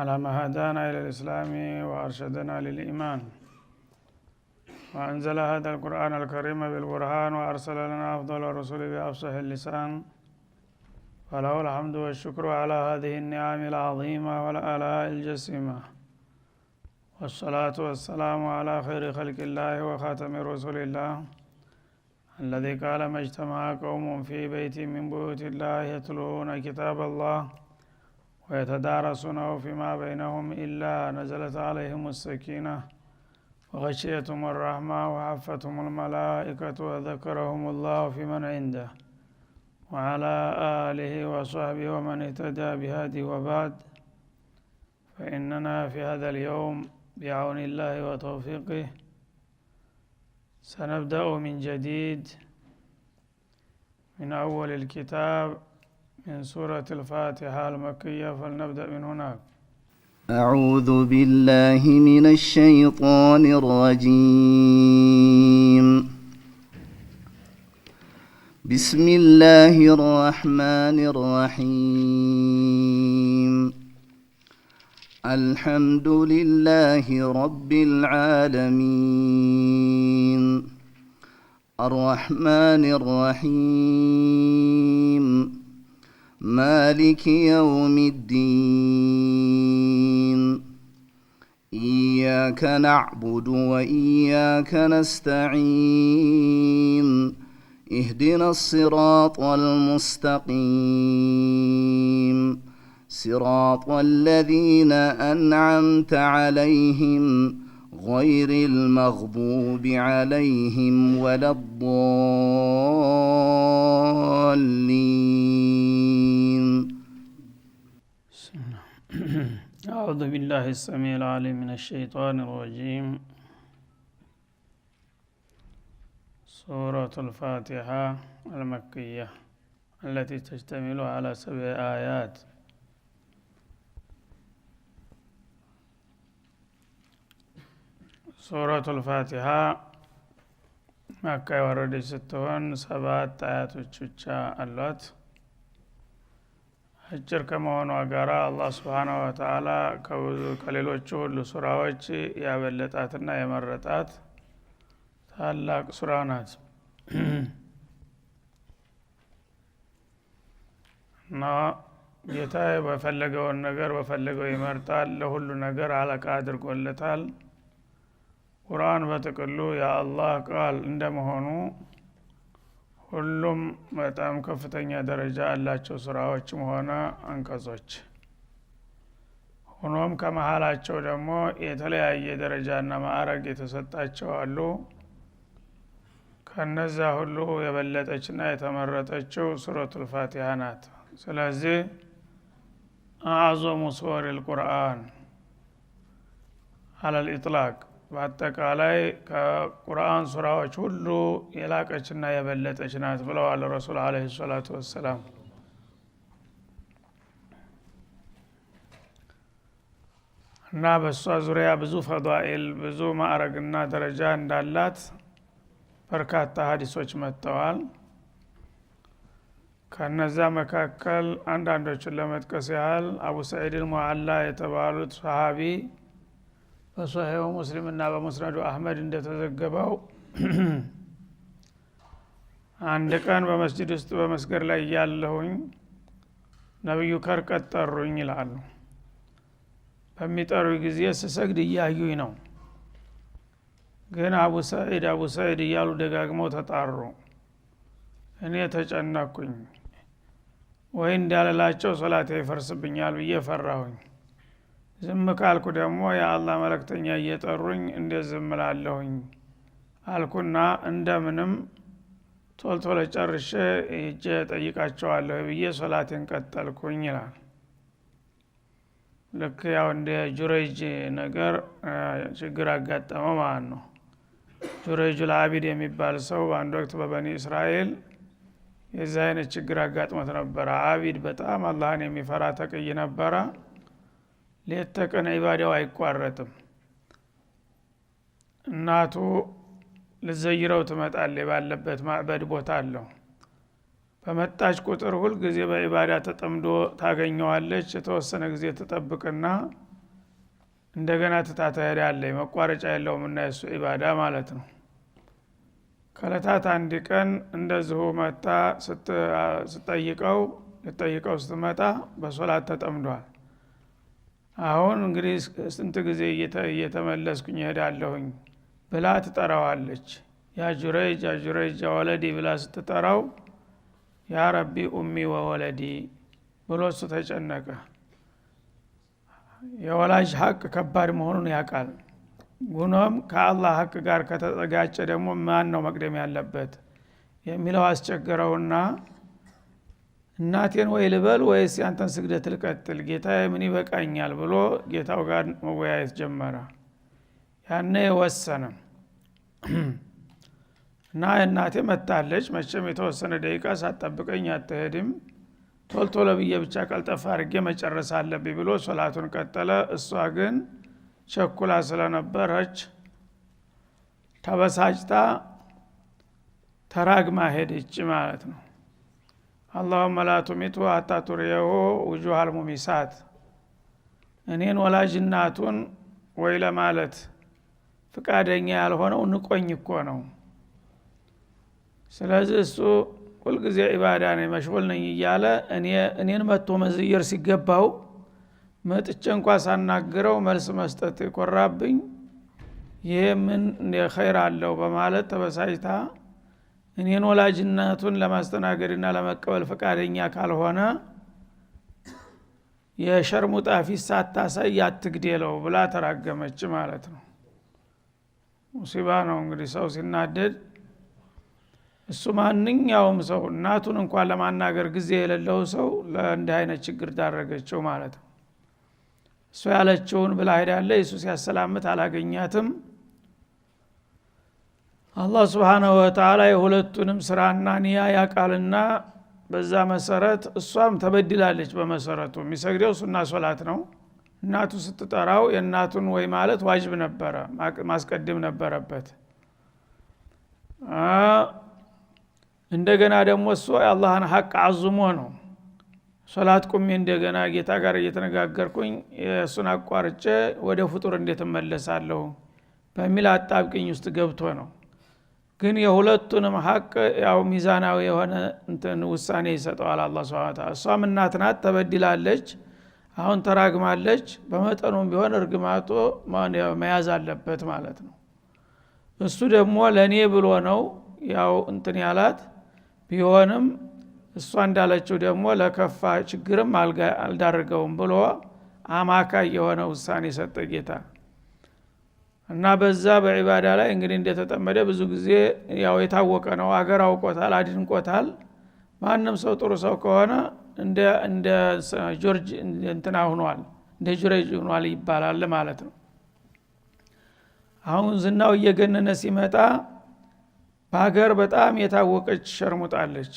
على ما هدانا إلى الإسلام وأرشدنا للإيمان وأنزل هذا القرآن الكريم بالبرهان وأرسل لنا أفضل الرسل بأفصح اللسان وله الحمد والشكر على هذه النعم العظيمة والآلاء الجسيمة والصلاة والسلام على خير خلق الله وخاتم رسول الله الذي قال ما اجتمع قوم في بيت من بيوت الله يتلون كتاب الله ويتدارسونه فيما بينهم إلا نزلت عليهم السكينة وغشيتهم الرحمة وعفتهم الملائكة وذكرهم الله في من عنده وعلى آله وصحبه ومن اهتدى بهذه وبعد فإننا في هذا اليوم بعون الله وتوفيقه سنبدأ من جديد من أول الكتاب من سورة الفاتحة المكية فلنبدأ من هناك أعوذ بالله من الشيطان الرجيم بسم الله الرحمن الرحيم الحمد لله رب العالمين الرحمن الرحيم مالك يوم الدين اياك نعبد واياك نستعين اهدنا الصراط المستقيم صراط الذين انعمت عليهم غير المغضوب عليهم ولا الضالين أعوذ بالله السميع العليم من الشيطان الرجيم سورة الفاتحة المكية التي تشتمل على سبع آيات ሱረቱል ፋቲሃ መካ የወረደች ስትሆን ሰባት አያቶች ብቻ አሏት። አጭር ከመሆኗ ጋር አላህ ስብሓነ ወተዓላ ከሌሎቹ ሁሉ ሱራዎች ያበለጣትና የመረጣት ታላቅ ሱራ ናት እና ጌታ በፈለገውን ነገር በፈለገው ይመርጣል። ለሁሉ ነገር አለቃ አድርጎለታል። ቁርአን በጥቅሉ የአላህ ቃል እንደመሆኑ ሁሉም በጣም ከፍተኛ ደረጃ ያላቸው ስራዎችም ሆነ አንቀጾች፣ ሆኖም ከመሀላቸው ደግሞ የተለያየ ደረጃና ማዕረግ የተሰጣቸው አሉ። ከነዛ ሁሉ የበለጠችና የተመረጠችው ሱረቱል ፋቲሃ ናት። ስለዚህ አዕዞሙ ሱወሪል ቁርአን አለል ኢጥላቅ በአጠቃላይ ከቁርአን ሱራዎች ሁሉ የላቀችና የበለጠች ናት ብለዋል ረሱል አለ ሰላቱ ወሰላም። እና በእሷ ዙሪያ ብዙ ፈኤል ብዙ ማዕረግና ደረጃ እንዳላት በርካታ ሀዲሶች መጥተዋል። ከነዛ መካከል አንዳንዶችን ለመጥቀስ ያህል አቡ ሰዒድ ልሙዓላ የተባሉት ሰሃቢ በሶሒሁ ሙስሊምና በሙስነዱ አህመድ እንደተዘገበው አንድ ቀን በመስጅድ ውስጥ በመስገድ ላይ እያለሁኝ ነቢዩ ከርቀት ጠሩኝ ይላሉ። በሚጠሩ ጊዜ ስሰግድ እያዩኝ ነው። ግን አቡ ሰዒድ አቡ ሰዒድ እያሉ ደጋግመው ተጣሩ። እኔ ተጨነኩኝ፣ ወይ እንዳለላቸው ሶላቴ ይፈርስብኛል ብዬ ፈራሁኝ። ዝም ካልኩ ደግሞ የአላህ መለክተኛ እየጠሩኝ እንደ ዝም አልኩና እንደምንም ቶልቶለ ጨርሸ ሄጄ ጠይቃቸዋለሁ ብዬ ሶላቴን ቀጠልኩኝ ይላል። ልክ ያው እንደ ጁረጅ ነገር ችግር አጋጠመው ማለት ነው። ጁረጅ ለአቢድ የሚባል ሰው በአንድ ወቅት በበኒ እስራኤል የዚህ አይነት ችግር አጋጥሞት ነበረ። አቢድ በጣም አላህን የሚፈራ ተቅይ ነበረ። ሌት ተቀን ኢባዳው አይቋረጥም። እናቱ ልዘይረው ትመጣለች። ባለበት ማዕበድ ቦታ አለው። በመጣች ቁጥር ሁል ጊዜ በኢባዳ ተጠምዶ ታገኘዋለች። የተወሰነ ጊዜ ትጠብቅና እንደገና ትታ አለ መቋረጫ የለውም እና የሱ ኢባዳ ማለት ነው። ከለታት አንድ ቀን እንደዚሁ መታ ስጠይቀው ልጠይቀው ስትመጣ በሶላት ተጠምዷል። አሁን እንግዲህ ስንት ጊዜ እየተመለስኩኝ እሄዳለሁኝ ብላ ትጠራዋለች። ያጁረጅ ያጁረጅ ወለዲ ብላ ስትጠራው ያ ረቢ ኡሚ ወወለዲ ብሎ እሱ ተጨነቀ። የወላጅ ሀቅ ከባድ መሆኑን ያውቃል። ጉኖም ከአላህ ሀቅ ጋር ከተጠጋጨ ደግሞ ማን ነው መቅደም ያለበት የሚለው አስቸግረውና? እናቴን ወይ ልበል ወይስ ያንተን ስግደት ልቀጥል? ጌታ ምን ይበቃኛል ብሎ ጌታው ጋር መወያየት ጀመረ። ያኔ ወሰነ እና እናቴ መታለች፣ መቼም የተወሰነ ደቂቃ ሳትጠብቀኝ አትሄድም። ቶልቶሎ ብዬ ብቻ ቀልጠፋ አድርጌ መጨረስ አለብኝ ብሎ ሶላቱን ቀጠለ። እሷ ግን ቸኩላ ስለነበረች ተበሳጭታ ተራግማ ሄደች ማለት ነው። አላሁመ ላቱሚቱ አታቱሪየሁ ውጁሃ አልሙሚሳት እኔን ወላጅናቱን እናቱን ወይ ለማለት ፍቃደኛ ያልሆነው ንቆኝ እኮ ነው። ስለዚህ እሱ ሁልጊዜ ኢባዳ ነኝ መሽጉል ነኝ እያለ እኔን መጥቶ መዝየር ሲገባው መጥቼ እንኳ ሳናግረው መልስ መስጠት ይኮራብኝ ይሄ ምን ኸይር አለው በማለት ተበሳጭታ እኔን ወላጅነቱን ለማስተናገድ ለማስተናገድና ለመቀበል ፈቃደኛ ካልሆነ የሸርሙጣ ፊት ሳታሳይ ያትግዴለው ብላ ተራገመች ማለት ነው። ሙሲባ ነው እንግዲህ ሰው ሲናደድ እሱ ማንኛውም ሰው እናቱን እንኳን ለማናገር ጊዜ የሌለው ሰው ለእንዲህ አይነት ችግር ዳረገችው ማለት ነው። እሱ ያለችውን ብላ ሄዳለ እሱ ሲያሰላምት አላገኛትም። አላህ ስብሓናሁ ወተላ የሁለቱንም ስራና ኒያ ያቃልና በዛ መሰረት እሷም ተበድላለች። በመሰረቱ የሚሰግደው ሱና ሶላት ነው። እናቱ ስትጠራው የእናቱን ወይ ማለት ዋጅብ ነበረ ማስቀድም ነበረበት። እንደገና ደግሞ እሱ የአላህን ሀቅ አዙሞ ነው ሶላት ቁሜ እንደገና ጌታ ጋር እየተነጋገርኩኝ የእሱን አቋርጬ ወደ ፍጡር እንዴት እመለሳለሁ በሚል አጣብቅኝ ውስጥ ገብቶ ነው ግን የሁለቱንም ሀቅ ያው ሚዛናዊ የሆነ እንትን ውሳኔ ይሰጠዋል አላ ስብን እሷም እናት ናት ተበድላለች አሁን ተራግማለች በመጠኑም ቢሆን እርግማቶ መያዝ አለበት ማለት ነው እሱ ደግሞ ለእኔ ብሎ ነው ያው እንትን ያላት ቢሆንም እሷ እንዳለችው ደግሞ ለከፋ ችግርም አልዳርገውም ብሎ አማካይ የሆነ ውሳኔ ሰጠ ጌታ እና በዛ በዒባዳ ላይ እንግዲህ እንደተጠመደ ብዙ ጊዜ ያው የታወቀ ነው። አገር አውቆታል፣ አድንቆታል። ማንም ሰው ጥሩ ሰው ከሆነ እንደ ጆርጅ እንትና ሁኗል፣ እንደ ጆርጅ ሁኗል ይባላል ማለት ነው። አሁን ዝናው እየገነነ ሲመጣ በሀገር በጣም የታወቀች ሸርሙጣለች።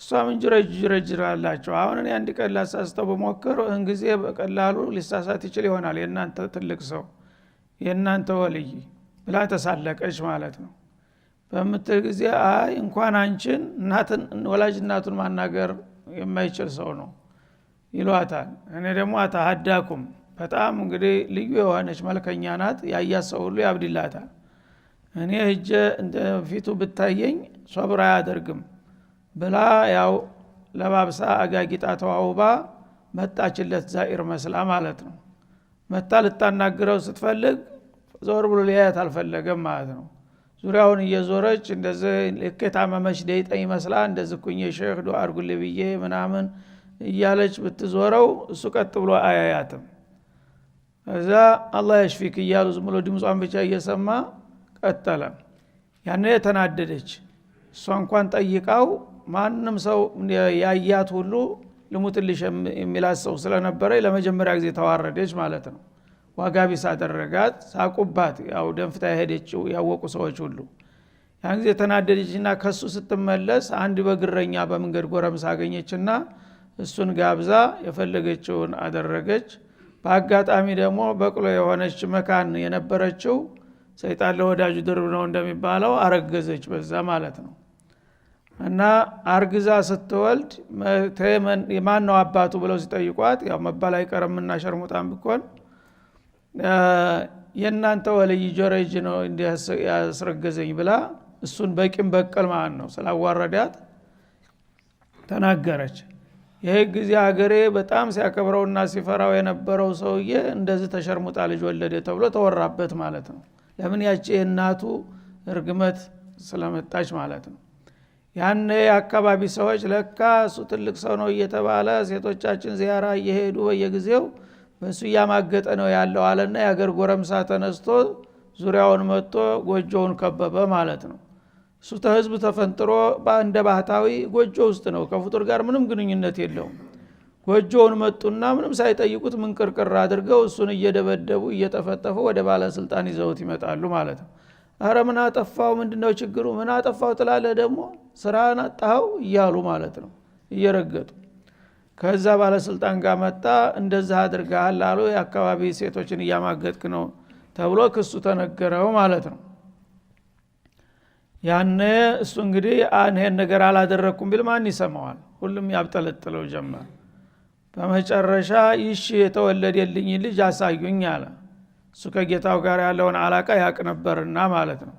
እሷ ምን ጅረጅ ጅረጅ ላላቸው አሁን እኔ አንድ ቀን ላሳስተው በሞክር እህን ጊዜ በቀላሉ ሊሳሳት ይችል ይሆናል የእናንተ ትልቅ ሰው የእናንተ ወልይ ብላ ተሳለቀች ማለት ነው። በምትል ጊዜ አይ እንኳን አንቺን እናትን ወላጅ እናቱን ማናገር የማይችል ሰው ነው ይሏታል። እኔ ደግሞ አታሀዳኩም በጣም እንግዲህ ልዩ የሆነች መልከኛ ናት። ያያት ሰው ሁሉ ያብድላታል። እኔ እጀ ፊቱ ብታየኝ ሶብር አያደርግም ብላ ያው ለባብሳ አጋጊጣ ተዋውባ መጣችለት ዛኢር መስላ ማለት ነው። መታ ልታናግረው ስትፈልግ ዞር ብሎ ሊያያት አልፈለገም ማለት ነው። ዙሪያውን እየዞረች እንደዚህ ልክ የታመመች ደይጠ ይመስላ እንደዚህ ኩኝ ሼህ ዱ አርጉል ብዬ ምናምን እያለች ብትዞረው እሱ ቀጥ ብሎ አያያትም። እዛ አላህ ያሽፊክ እያሉ ዝም ብሎ ድምጿን ብቻ እየሰማ ቀጠለ። ያነ የተናደደች እሷ እንኳን ጠይቃው ማንም ሰው ያያት ሁሉ ልሙትልሽ የሚላት ሰው ስለነበረ ለመጀመሪያ ጊዜ ተዋረደች ማለት ነው። ዋጋ ሳደረጋት አደረጋት፣ ሳቁባት። ያው ደንፍታ ሄደችው ያወቁ ሰዎች ሁሉ ያን ጊዜ ተናደደችና ከሱ ስትመለስ አንድ በግረኛ በመንገድ አገኘች ና እሱን ጋብዛ የፈለገችውን አደረገች። በአጋጣሚ ደግሞ በቅሎ የሆነች መካን የነበረችው ሰይጣን ለወዳጁ ድርብ ነው እንደሚባለው አረገዘች፣ በዛ ማለት ነው። እና አርግዛ ስትወልድ ማን ነው አባቱ ብለው ሲጠይቋት ያው መባል አይቀርምና ሸርሙጣን ብኮን የእናንተ ወልይ ጆረጅ ነው ያስረገዘኝ ብላ እሱን በቂም በቀል ማለት ነው ስላዋረዳት ተናገረች። ይህ ጊዜ አገሬ በጣም ሲያከብረውና ሲፈራው የነበረው ሰውዬ እንደዚህ ተሸርሙጣ ልጅ ወለደ ተብሎ ተወራበት ማለት ነው። ለምን ያቺ የእናቱ እርግመት ስለመጣች ማለት ነው። ያን የአካባቢ ሰዎች ለካ እሱ ትልቅ ሰው ነው እየተባለ ሴቶቻችን ዚያራ እየሄዱ በየጊዜው በእሱ እያማገጠ ነው ያለው አለና የአገር ጎረምሳ ተነስቶ ዙሪያውን መጥቶ ጎጆውን ከበበ ማለት ነው። እሱ ተህዝብ ተፈንጥሮ እንደ ባህታዊ ጎጆ ውስጥ ነው፣ ከፍጡር ጋር ምንም ግንኙነት የለውም። ጎጆውን መጡና ምንም ሳይጠይቁት ምንቅርቅር አድርገው እሱን እየደበደቡ እየጠፈጠፉ ወደ ባለስልጣን ይዘውት ይመጣሉ ማለት ነው። አረ ምን አጠፋው? ምንድነው ችግሩ? ምን አጠፋው ትላለ ደግሞ ስራህን አጣኸው እያሉ ማለት ነው እየረገጡ ከዛ ባለስልጣን ጋር መጣ እንደዛ አድርገሃል አሉ የአካባቢ ሴቶችን እያማገጥክ ነው ተብሎ ክሱ ተነገረው ማለት ነው ያነ እሱ እንግዲህ አንሄን ነገር አላደረግኩም ቢል ማን ይሰማዋል ሁሉም ያብጠለጥለው ጀመር በመጨረሻ ይሽ የተወለደልኝ ልጅ አሳዩኝ አለ እሱ ከጌታው ጋር ያለውን አላቃ ያቅ ነበርና ማለት ነው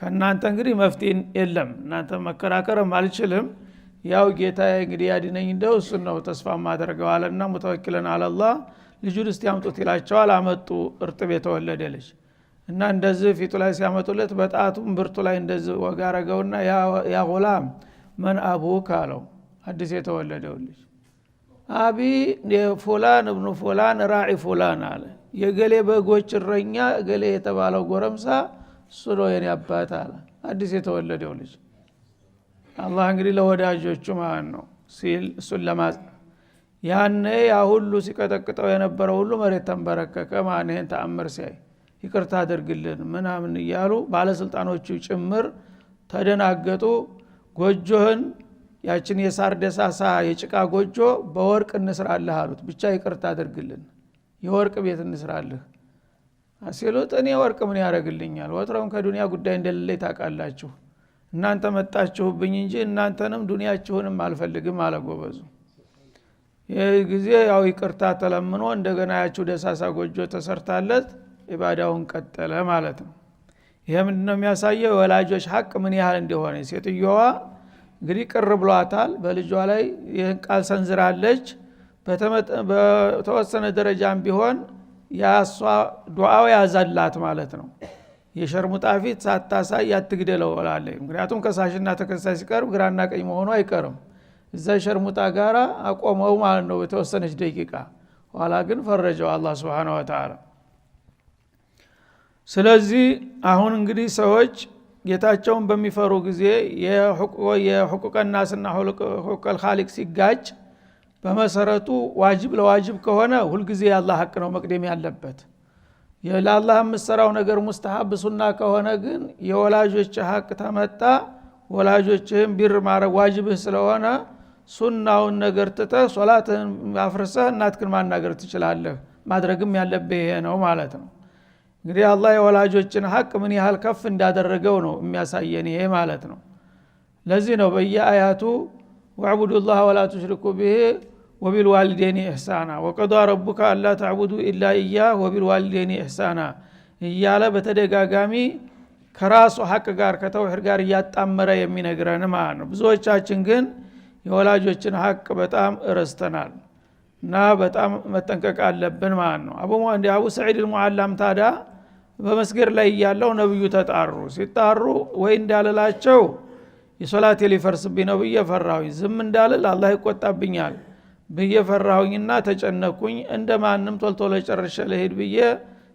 ከእናንተ እንግዲህ መፍትሄ የለም እናንተ መከራከርም አልችልም ያው ጌታ እንግዲህ ያድነኝ እንደው እሱን ነው ተስፋ ማደርገው አለና ሙተወኪለን አለላ ልጁን እስቲ ያምጡት ይላቸዋል አመጡ እርጥብ የተወለደ ልጅ እና እንደዚህ ፊቱ ላይ ሲያመጡለት በጣቱም ብርቱ ላይ እንደዚህ ወጋ አረገውና ያ ጉላም መን አቡክ አለው አዲስ የተወለደው ልጅ አቢ የፎላን እብኑ ፎላን ራዒ ፎላን አለ የገሌ በጎች እረኛ ገሌ የተባለው ጎረምሳ ስሎ የኔ አባት አለ አዲስ የተወለደው ልጅ። አላህ እንግዲህ ለወዳጆቹ ማለት ነው ሲል እሱን ለማጽ ያኔ ያ ሁሉ ሲቀጠቅጠው የነበረው ሁሉ መሬት ተንበረከከ። ማን ይሄን ተአምር ሲያይ ይቅርታ አድርግልን ምናምን እያሉ ባለስልጣኖቹ ጭምር ተደናገጡ። ጎጆህን ያችን የሳር ደሳሳ የጭቃ ጎጆ በወርቅ እንስራለህ አሉት። ብቻ ይቅርታ አድርግልን፣ የወርቅ ቤት እንስራለህ። አሴሎጥ እኔ ወርቅ ምን ያደረግልኛል ወትረውን ከዱንያ ጉዳይ እንደሌለ ታውቃላችሁ። እናንተ መጣችሁብኝ እንጂ እናንተንም ዱንያችሁንም አልፈልግም አለጎበዙ ይህ ጊዜ ያው ይቅርታ ተለምኖ እንደገና ያችሁ ደሳሳ ጎጆ ተሰርታለት ኢባዳውን ቀጠለ ማለት ነው። ይሄ ምንድ ነው የሚያሳየው? የወላጆች ሀቅ ምን ያህል እንደሆነ። ሴትዮዋ እንግዲህ ቅር ብሏታል። በልጇ ላይ ይህን ቃል ሰንዝራለች። በተወሰነ ደረጃም ቢሆን ያሷ ዱዓው ያዛላት ማለት ነው። የሸርሙጣ ፊት ሳታሳይ ያትግደለው ላለ ምክንያቱም ከሳሽና ተከሳሽ ሲቀርብ ግራና ቀኝ መሆኑ አይቀርም። እዛ ሸርሙጣ ጋራ አቆመው ማለት ነው በተወሰነች ደቂቃ። ኋላ ግን ፈረጀው አላ ስብን ወተላ ስለዚህ አሁን እንግዲህ ሰዎች ጌታቸውን በሚፈሩ ጊዜ የቁቀናስና ሑቀል ካሊቅ ሲጋጭ በመሰረቱ ዋጅብ ለዋጅብ ከሆነ ሁልጊዜ የአላህ ሀቅ ነው መቅደም ያለበት ለአላህ የምሰራው ነገር ሙስተሀብ ሱና ከሆነ ግን የወላጆች ሀቅ ተመጣ ወላጆችህን ቢር ማድረግ ዋጅብህ ስለሆነ ሱናውን ነገር ትተህ ሶላትህን አፍርሰህ እናትክን ማናገር ትችላለህ ማድረግም ያለብህ ይሄ ነው ማለት ነው እንግዲህ አላህ የወላጆችን ሀቅ ምን ያህል ከፍ እንዳደረገው ነው የሚያሳየን ይሄ ማለት ነው ለዚህ ነው በየአያቱ ላህ ወላ ትሽሪኩ ብሄ ወቢልዋልዴኒ ኢሕሳና ወቀዷ ረቡከ አላ ተዕቡዱ ኢላ እያ ወቢልዋልዴኒ ኢሕሳና እያለ በተደጋጋሚ ከራሱ ሀቅ ጋር ከተውሂድ ጋር እያጣመረ የሚነግረን ማለት ነው ብዙዎቻችን ግን የወላጆችን ሀቅ በጣም እረስተናል እና በጣም መጠንቀቅ አለብን ማለት ነው አቡ ሰዒድ ልሙዓላም ታዳ በመስገድ ላይ እያለው ነብዩ ተጣሩ ሲጣሩ ወይ እንዳልላቸው የሶላቴ ሊፈርስብኝ ነው ብዬ ፈራሁኝ ዝም እንዳልል አላህ ይቆጣብኛል ብዬ ፈራሁኝና ተጨነኩኝ እንደ ማንም ቶልቶሎ ጨርሸ ለሄድ ብዬ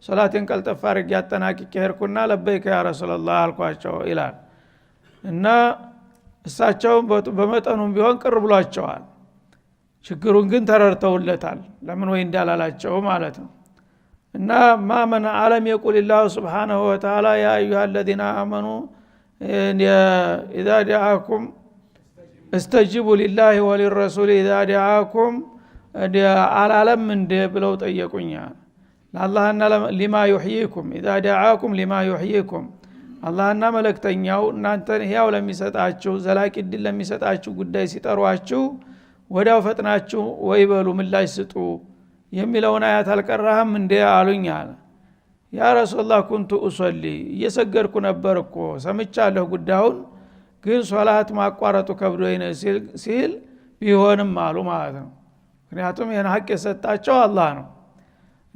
ሶላቴን ቀልጠፋ ርግ አጠናቅቄ ሄድኩና ለበይከ ያ ረሱላላህ አልኳቸው ይላል እና እሳቸውም በመጠኑም ቢሆን ቅር ብሏቸዋል ችግሩን ግን ተረድተውለታል ለምን ወይ እንዳላላቸው ማለት ነው እና ማመን አለም የቁል ላሁ ስብሓናሁ ወተላ ያ አዩሃ አለዚነ አመኑ ኢዛ ጃአኩም እስተጅቡ ሊላህ ወሊረሱል ኢዛ ዲዓኩም አላለም እንደ ብለው ጠየቁኛ ለአላህና ሊማ ዩሕይኩም ኢዛ ዲዓኩም ሊማ ዩሕይኩም አላህና መለክተኛው እናንተን ሕያው ለሚሰጣችሁ ዘላቂ ድል ለሚሰጣችሁ ጉዳይ ሲጠሯችሁ ወዲያው ፈጥናችሁ ወይ በሉ ምላሽ ስጡ የሚለውን አያት አልቀራህም እንዴ አሉኛል አለ ያ ረሱላህ ኩንቱ እሶሊ እየሰገድኩ ነበር እኮ ሰምቻለሁ ጉዳዩን ግን ሶላት ማቋረጡ ከብዶ ሲል ቢሆንም አሉ ማለት ነው። ምክንያቱም ይህን ሀቅ የሰጣቸው አላህ ነው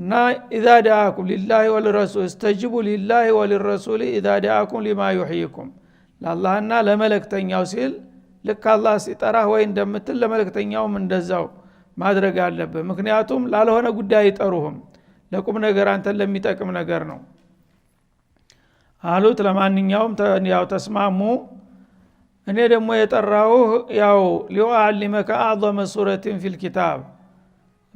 እና ኢዛ ዳአኩም ሊላህ ወልረሱል እስተጅቡ ሊላህ ወልረሱል ኢዛ ዳአኩም ሊማ ዩሕይኩም ለአላህና ለመለክተኛው ሲል ልክ አላ ሲጠራህ ወይ እንደምትል ለመለክተኛውም እንደዛው ማድረግ አለብህ። ምክንያቱም ላልሆነ ጉዳይ አይጠሩህም፣ ለቁም ነገር አንተን ለሚጠቅም ነገር ነው አሉት። ለማንኛውም ያው ተስማሙ። እኔ ደግሞ የጠራሁህ ያው ሊዋአሊመከ አዕዘመ ሱረትን ፊልኪታብ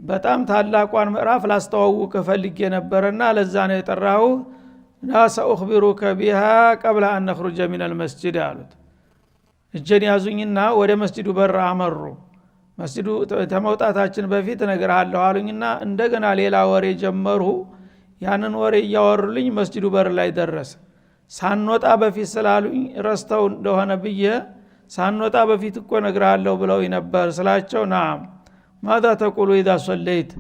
በጣም ታላቋን ምዕራፍ ላስተዋውቅ ፈልጌ ነበረና ለዛ ነው የጠራሁህ ና ሰኡክቢሩከ ቢሃ ቀብለ አነክሩጀ ሚነል አልመስጅድ አሉት እጀን ያዙኝና ወደ መስጅዱ በር አመሩ መስጅዱ ከመውጣታችን በፊት ነገርሃለሁ አሉኝና እንደገና ሌላ ወሬ ጀመርሁ ያንን ወሬ እያወሩልኝ መስጅዱ በር ላይ ደረሰ ሳንወጣ በፊት ስላሉኝ ረስተው እንደሆነ ብዬ ሳንወጣ በፊት እኮ ነግርሃለሁ ብለው ነበር ስላቸው ናም ማዛ ተቁሉ ኢዛ ሶለይት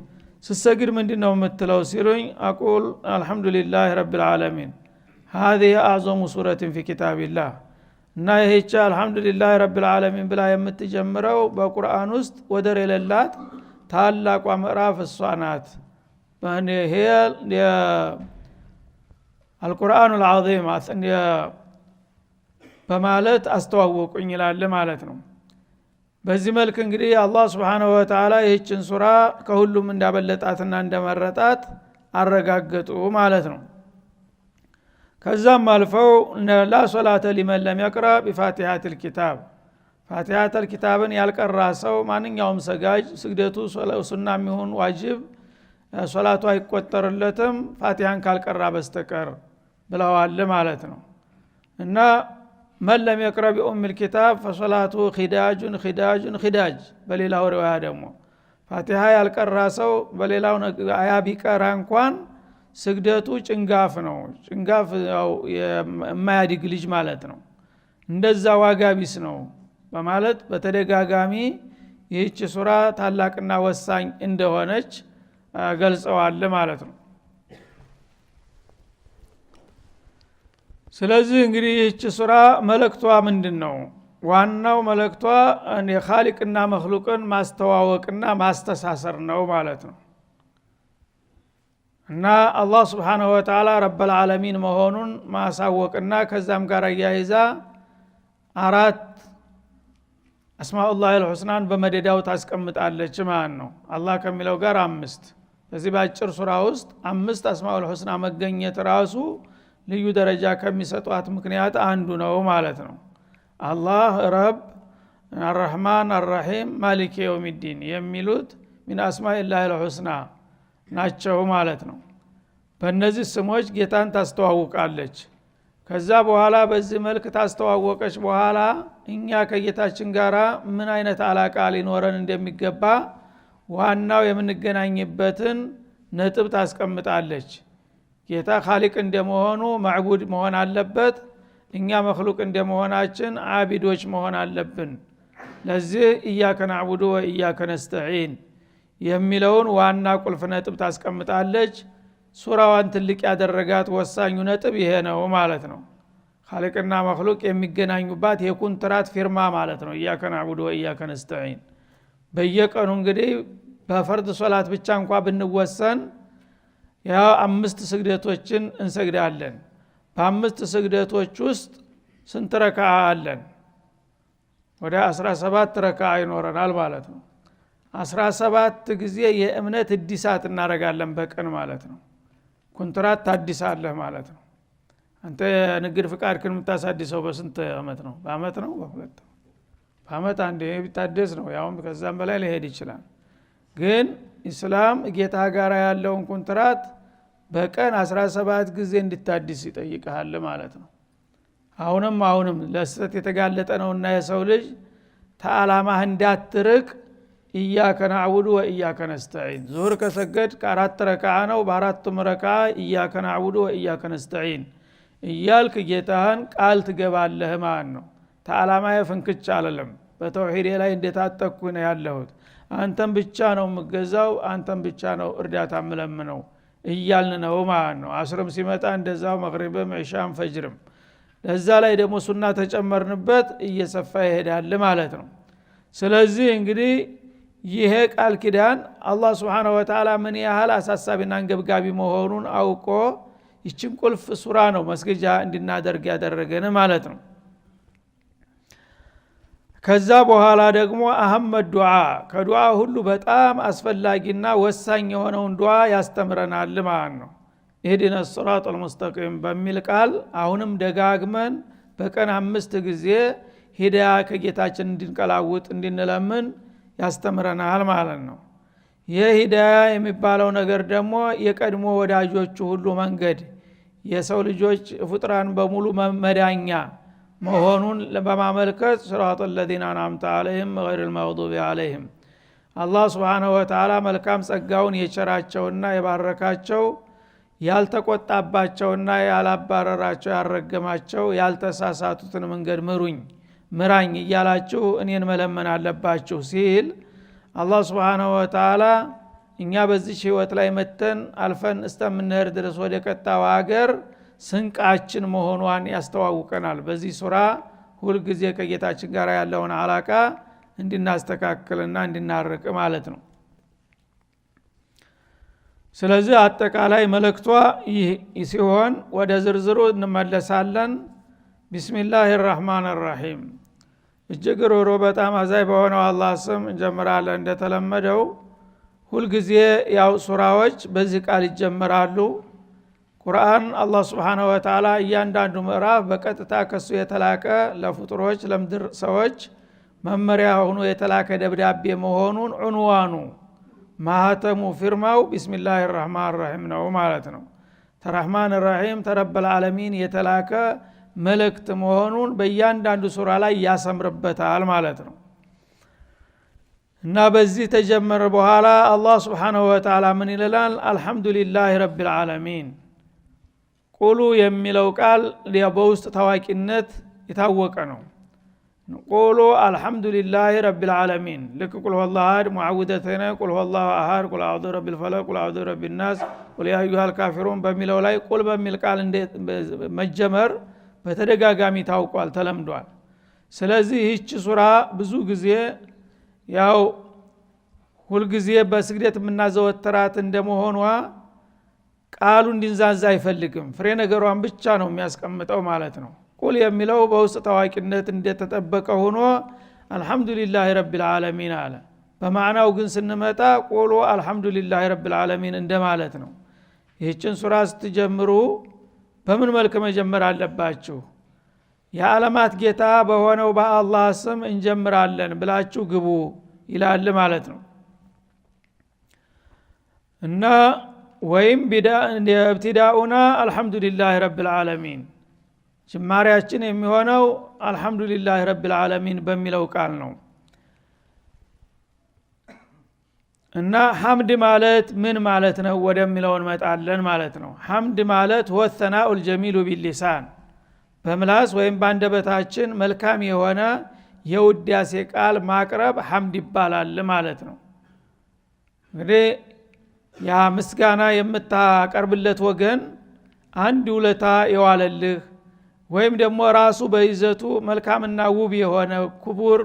ስሰግድ ምንድ ነው የምትለው ሲሉኝ አቁል አልሐምዱሊላህ ረብልዓለሚን ሀዚህ አዕዞሙ ሱረትን ፊ ኪታቢላህ እና ይህቻ አልሐምዱሊላህ ረብልዓለሚን ብላ የምትጀምረው በቁርአን ውስጥ ወደር የሌላት ታላቋ ምዕራፍ እሷ ናት ይሄ አልቁርአኑ ልዓዚም በማለት አስተዋወቁኝ ይላል ማለት ነው በዚህ መልክ እንግዲህ አላህ ስብሓንሁ ወተላ ይህችን ሱራ ከሁሉም እንዳበለጣትና እንደመረጣት አረጋገጡ ማለት ነው ከዛም አልፈው ላ ሶላተ ሊመን ለም የቅራ ቢፋቲሐት ልኪታብ ፋቲሐት ልኪታብን ያልቀራ ሰው ማንኛውም ሰጋጅ ስግደቱ ሱና የሚሆን ዋጅብ ሶላቱ አይቆጠርለትም ፋቲሐን ካልቀራ በስተቀር ብለዋል ማለት ነው እና መን ለም የቅረ ቢኡም ልኪታብ ፈሶላቱ ኪዳጁን ኪዳጁን ኪዳጅ በሌላው ሪዋያ ደግሞ ፋቲሃ ያልቀራ ሰው በሌላው አያ ቢቀራ እንኳን ስግደቱ ጭንጋፍ ነው። ጭንጋፍ የማያድግ ልጅ ማለት ነው። እንደዛ ዋጋ ቢስ ነው በማለት በተደጋጋሚ ይህች ሱራ ታላቅና ወሳኝ እንደሆነች ገልጸዋል ማለት ነው። ስለዚህ እንግዲህ ይህች ሱራ መልእክቷ ምንድን ነው? ዋናው መልእክቷ የካሊቅና መክሉቅን ማስተዋወቅና ማስተሳሰር ነው ማለት ነው እና አላህ ስብሓነሁ ወተላ ረበልዓለሚን መሆኑን ማሳወቅና ከዛም ጋር አያይዛ አራት አስማኡላህ ልሑስናን በመደዳው ታስቀምጣለች ማለት ነው። አላህ ከሚለው ጋር አምስት በዚህ በአጭር ሱራ ውስጥ አምስት አስማኡል ሑስና መገኘት ራሱ ልዩ ደረጃ ከሚሰጧት ምክንያት አንዱ ነው ማለት ነው። አላህ ረብ፣ አራህማን፣ አራሒም፣ ማሊክ የውሚዲን የሚሉት ሚን አስማኢላህ ልሑስና ናቸው ማለት ነው። በእነዚህ ስሞች ጌታን ታስተዋውቃለች። ከዛ በኋላ በዚህ መልክ ታስተዋወቀች በኋላ እኛ ከጌታችን ጋር ምን አይነት አላቃ ሊኖረን እንደሚገባ ዋናው የምንገናኝበትን ነጥብ ታስቀምጣለች። ጌታ ካሊቅ እንደመሆኑ ማዕቡድ መሆን አለበት እኛ መክሉቅ እንደመሆናችን አቢዶች መሆን አለብን ለዚህ እያከ ናዕቡዱ ወእያከ ነስተዒን የሚለውን ዋና ቁልፍ ነጥብ ታስቀምጣለች ሱራዋን ትልቅ ያደረጋት ወሳኙ ነጥብ ይሄ ነው ማለት ነው ካልቅና መክሉቅ የሚገናኙባት የኩንትራት ፊርማ ማለት ነው እያከ ናዕቡዱ ወእያከ ነስተዒን በየቀኑ እንግዲህ በፈርድ ሶላት ብቻ እንኳ ብንወሰን ያ አምስት ስግደቶችን እንሰግዳለን በአምስት ስግደቶች ውስጥ ስንት ረክዓ አለን ወደ 17 ረክዓ ይኖረናል ማለት ነው 17 ጊዜ የእምነት እዲሳት እናደረጋለን በቀን ማለት ነው ኩንትራት ታዲሳለህ ማለት ነው አንተ ንግድ ፍቃድ ክን የምታሳድሰው በስንት አመት ነው በአመት ነው በሁለት በአመት አንድ ቢታደስ ነው ያውም ከዛም በላይ ሊሄድ ይችላል ግን ኢስላም ጌታ ጋር ያለውን ኮንትራት በቀን 17 ጊዜ እንድታድስ ይጠይቀሃል ማለት ነው። አሁንም አሁንም ለስተት የተጋለጠ ነውና የሰው ልጅ ተአላማህ እንዳትርቅ። እያከ ናዕቡድ ወእያከ ነስተዒን። ዙሁር ከሰገድ ከአራት ረክዓ ነው። በአራቱም ረክዓ እያከ ናዕቡድ ወእያከ ነስተዒን እያልክ ጌታህን ቃል ትገባለህ ማን ነው። ተአላማ የፍንክች አለለም፣ በተውሒዴ ላይ እንደታጠቅኩ ነው ያለሁት አንተን ብቻ ነው የምገዛው፣ አንተን ብቻ ነው እርዳታ የምለምነው እያልን ነው ማለት ነው። አስርም ሲመጣ እንደዛው፣ መቅሪብም፣ ዕሻም፣ ፈጅርም ለዛ ላይ ደግሞ ሱና ተጨመርንበት እየሰፋ ይሄዳል ማለት ነው። ስለዚህ እንግዲህ ይሄ ቃል ኪዳን አላህ ስብን ወተላ ምን ያህል አሳሳቢና አንገብጋቢ መሆኑን አውቆ ይችን ቁልፍ ሱራ ነው መስገጃ እንድናደርግ ያደረገን ማለት ነው። ከዛ በኋላ ደግሞ አህመድ ዱዓ ከዱዓ ሁሉ በጣም አስፈላጊና ወሳኝ የሆነውን ዱዓ ያስተምረናል ማለት ነው። ኢህዲነ ሲራጥ አልሙስተቂም በሚል ቃል አሁንም ደጋግመን በቀን አምስት ጊዜ ሂዳያ ከጌታችን እንድንቀላውጥ እንድንለምን ያስተምረናል ማለት ነው። ይህ ሂዳያ የሚባለው ነገር ደግሞ የቀድሞ ወዳጆቹ ሁሉ መንገድ የሰው ልጆች ፍጥራን በሙሉ መመዳኛ መሆኑን በማመልከት ስራጥ ለዚና ናምተ አለይህም ገይር ልመቅዱቢ አለህም አላህ ስብሓነሁ ወተዓላ መልካም ጸጋውን የቸራቸውና የባረካቸው ያልተቆጣባቸውና ያላባረራቸው ያረገማቸው ያልተሳሳቱትን መንገድ ምሩኝ ምራኝ እያላችሁ እኔን መለመን አለባችሁ ሲል አላህ ስብሓነሁ ወተዓላ እኛ በዚች ህይወት ላይ መተን አልፈን እስተምንሄድ ድረስ ወደ ቀጣው ሀገር ስንቃችን መሆኗን ያስተዋውቀናል በዚህ ሱራ ሁልጊዜ ከጌታችን ጋር ያለውን አላቃ እንድናስተካክልና እንድናርቅ ማለት ነው ስለዚህ አጠቃላይ መልእክቷ ይህ ሲሆን ወደ ዝርዝሩ እንመለሳለን ቢስሚላህ ራህማን ራሒም እጅግ ሮሮ በጣም አዛይ በሆነው አላህ ስም እንጀምራለን እንደተለመደው ሁልጊዜ ያው ሱራዎች በዚህ ቃል ይጀምራሉ ቁርአን አላህ ስብሓነሁ ወተዓላ እያንዳንዱ ምዕራፍ በቀጥታ ከሱ የተላቀ ለፍጡሮች ለምድር ሰዎች መመሪያ ሆኖ የተላከ ደብዳቤ መሆኑን ዑንዋኑ ማህተሙ ፊርማው ቢስሚላህ ራህማን ራሒም ነው ማለት ነው ተራህማን ራሒም ተረበልዓለሚን የተላከ መልእክት መሆኑን በእያንዳንዱ ሱራ ላይ ያሰምርበታል ማለት ነው እና በዚህ ተጀመረ በኋላ አላህ ስብሓንሁ ወተላ ምን ይልላል አልሐምዱሊላህ ረቢልዓለሚን ቁሉ የሚለው ቃል በውስጥ ታዋቂነት የታወቀ ነው ቁሉ አልሐምዱሊላህ ልዓለሚን ልክ ቁል ሆላሃድ ሙዓውደተነ ቁል ሆላሁ አሃድ ቁል ረቢ ረቢልፈለቅ ቁል ረቢ ናስ ቁል ያዩሃ ካፊሩን በሚለው ላይ ቁል በሚል ቃል መጀመር በተደጋጋሚ ታውቋል ተለምዷል ስለዚህ ይህች ሱራ ብዙ ጊዜ ያው ሁልጊዜ በስግደት የምናዘወትራት እንደመሆኗ ቃሉ እንዲንዛዛ አይፈልግም። ፍሬ ነገሯን ብቻ ነው የሚያስቀምጠው ማለት ነው። ቁል የሚለው በውስጥ ታዋቂነት እንደተጠበቀ ሆኖ አልሐምዱሊላህ ረቢልዓለሚን አለ። በማዕናው ግን ስንመጣ ቁሉ አልሐምዱሊላህ ረቢልዓለሚን እንደማለት ነው። ይህችን ሱራ ስትጀምሩ በምን መልክ መጀመር አለባችሁ? የዓለማት ጌታ በሆነው በአላህ ስም እንጀምራለን ብላችሁ ግቡ ይላል ማለት ነው እና ወይም ብቲዳኡና አልሐምዱሊላህ ረብልዓለሚን ጅማሪያችን የሚሆነው አልሐምዱሊላህ ረብልዓለሚን በሚለው ቃል ነው እና ሐምድ ማለት ምን ማለት ነው ወደሚለው እንመጣለን ማለት ነው ሐምድ ማለት ወተናኡ ልጀሚሉ ቢሊሳን በምላስ ወይም በአንደበታችን መልካም የሆነ የውዳሴ ቃል ማቅረብ ሐምድ ይባላል ማለት ነው እንግዲህ ያ ምስጋና የምታቀርብለት ወገን አንድ ውለታ የዋለልህ ወይም ደግሞ ራሱ በይዘቱ መልካምና ውብ የሆነ ክቡር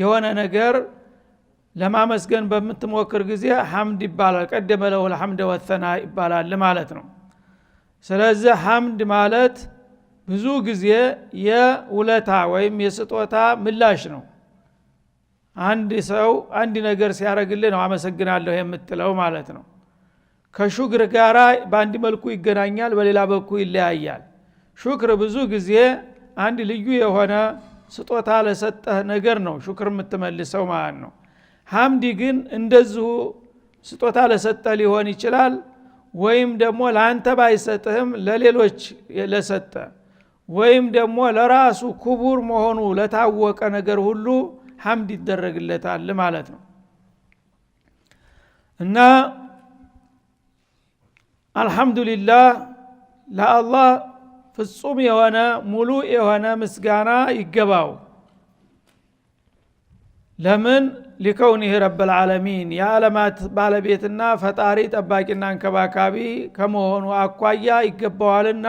የሆነ ነገር ለማመስገን በምትሞክር ጊዜ ሐምድ ይባላል። ቀደመ ለሁል ሐምደ ወተና ይባላል ማለት ነው። ስለዚህ ሐምድ ማለት ብዙ ጊዜ የውለታ ወይም የስጦታ ምላሽ ነው። አንድ ሰው አንድ ነገር ሲያደረግልህ ነው አመሰግናለሁ የምትለው ማለት ነው። ከሹክር ጋር በአንድ መልኩ ይገናኛል፣ በሌላ በኩ ይለያያል። ሹክር ብዙ ጊዜ አንድ ልዩ የሆነ ስጦታ ለሰጠህ ነገር ነው ሹክር የምትመልሰው ማለት ነው። ሀምዲ ግን እንደዚሁ ስጦታ ለሰጠህ ሊሆን ይችላል፣ ወይም ደግሞ ለአንተ ባይሰጥህም ለሌሎች ለሰጠ ወይም ደግሞ ለራሱ ክቡር መሆኑ ለታወቀ ነገር ሁሉ ሀምድ ይደረግለታል ማለት ነው እና አልሐምዱሊላህ ለአላህ ፍጹም የሆነ ሙሉ የሆነ ምስጋና ይገባው ለምን ሊከውኒህ ረብልዓለሚን የዓለማት ባለቤትና ፈጣሪ ጠባቂና አንከባካቢ ከመሆኑ አኳያ ይገባዋልና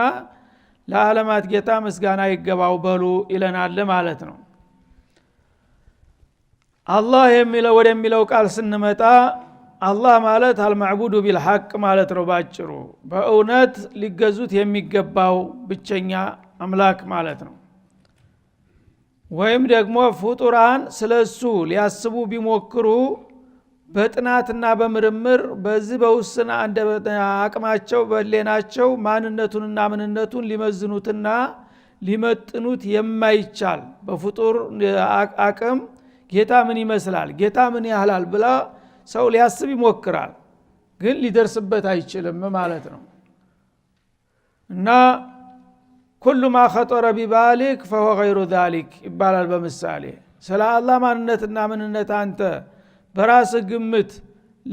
ለዓለማት ጌታ ምስጋና ይገባው በሉ ይለናል ማለት ነው አላህ የሚለው ወደሚለው ቃል ስንመጣ አላህ ማለት አልማዕቡዱ ቢልሐቅ ማለት ነው ባጭሩ በእውነት ሊገዙት የሚገባው ብቸኛ አምላክ ማለት ነው ወይም ደግሞ ፍጡራን ስለ እሱ ሊያስቡ ቢሞክሩ በጥናትና በምርምር በዚህ በውስን አቅማቸው በሌናቸው ማንነቱንና ምንነቱን ሊመዝኑትና ሊመጥኑት የማይቻል በፍጡር አቅም ጌታ ምን ይመስላል ጌታ ምን ያህላል ብላ ሰው ሊያስብ ይሞክራል ግን ሊደርስበት አይችልም ማለት ነው እና ኩሉ ማ ከጦረ ቢባሊክ ፈሆ ይሩ ዛሊክ ይባላል በምሳሌ ስለ አላህ ማንነትና ምንነት አንተ በራስ ግምት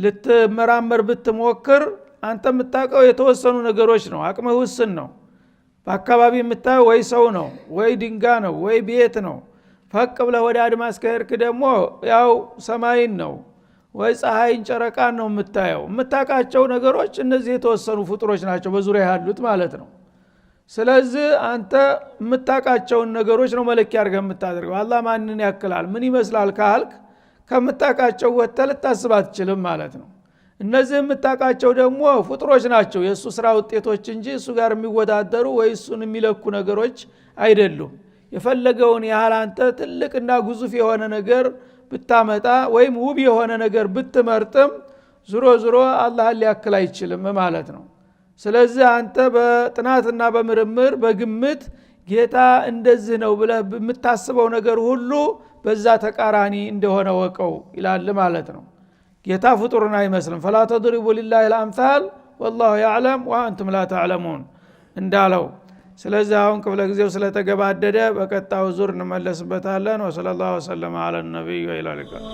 ልትመራመር ብትሞክር አንተ የምታውቀው የተወሰኑ ነገሮች ነው አቅምህ ውስን ነው በአካባቢ የምታየው ወይ ሰው ነው ወይ ድንጋ ነው ወይ ቤት ነው ፈቅ ብለህ ወደ አድማስ ከሄድክ ደግሞ ያው ሰማይን ነው ወይ ፀሐይን ጨረቃን ነው የምታየው። የምታቃቸው ነገሮች እነዚህ የተወሰኑ ፍጡሮች ናቸው በዙሪያ ያሉት ማለት ነው። ስለዚህ አንተ የምታውቃቸውን ነገሮች ነው መለኪያ አድርገህ የምታደርገው። አላ ማንን ያክላል ምን ይመስላል ካልክ ከምታቃቸው ወጥተ ልታስብ አትችልም ማለት ነው። እነዚህ የምታቃቸው ደግሞ ፍጡሮች ናቸው የእሱ ስራ ውጤቶች እንጂ እሱ ጋር የሚወዳደሩ ወይ እሱን የሚለኩ ነገሮች አይደሉም። የፈለገውን ያህል አንተ ትልቅና ግዙፍ የሆነ ነገር ብታመጣ ወይም ውብ የሆነ ነገር ብትመርጥም ዝሮ ዝሮ አላህን ሊያክል አይችልም ማለት ነው ስለዚህ አንተ በጥናትና በምርምር በግምት ጌታ እንደዚህ ነው ብለህ የምታስበው ነገር ሁሉ በዛ ተቃራኒ እንደሆነ ወቀው ይላል ማለት ነው ጌታ ፍጡርን አይመስልም ፈላ ተድሪቡ ሊላህ ልአምሳል ወላሁ ያዕለም ወአንቱም ላ ተዕለሙን እንዳለው ስለዚህ አሁን ክፍለ ጊዜው ስለተገባደደ በቀጣው ዙር እንመለስበታለን። ወሰለ ላሁ ወሰለማ አለ ነቢይ ይላልቃል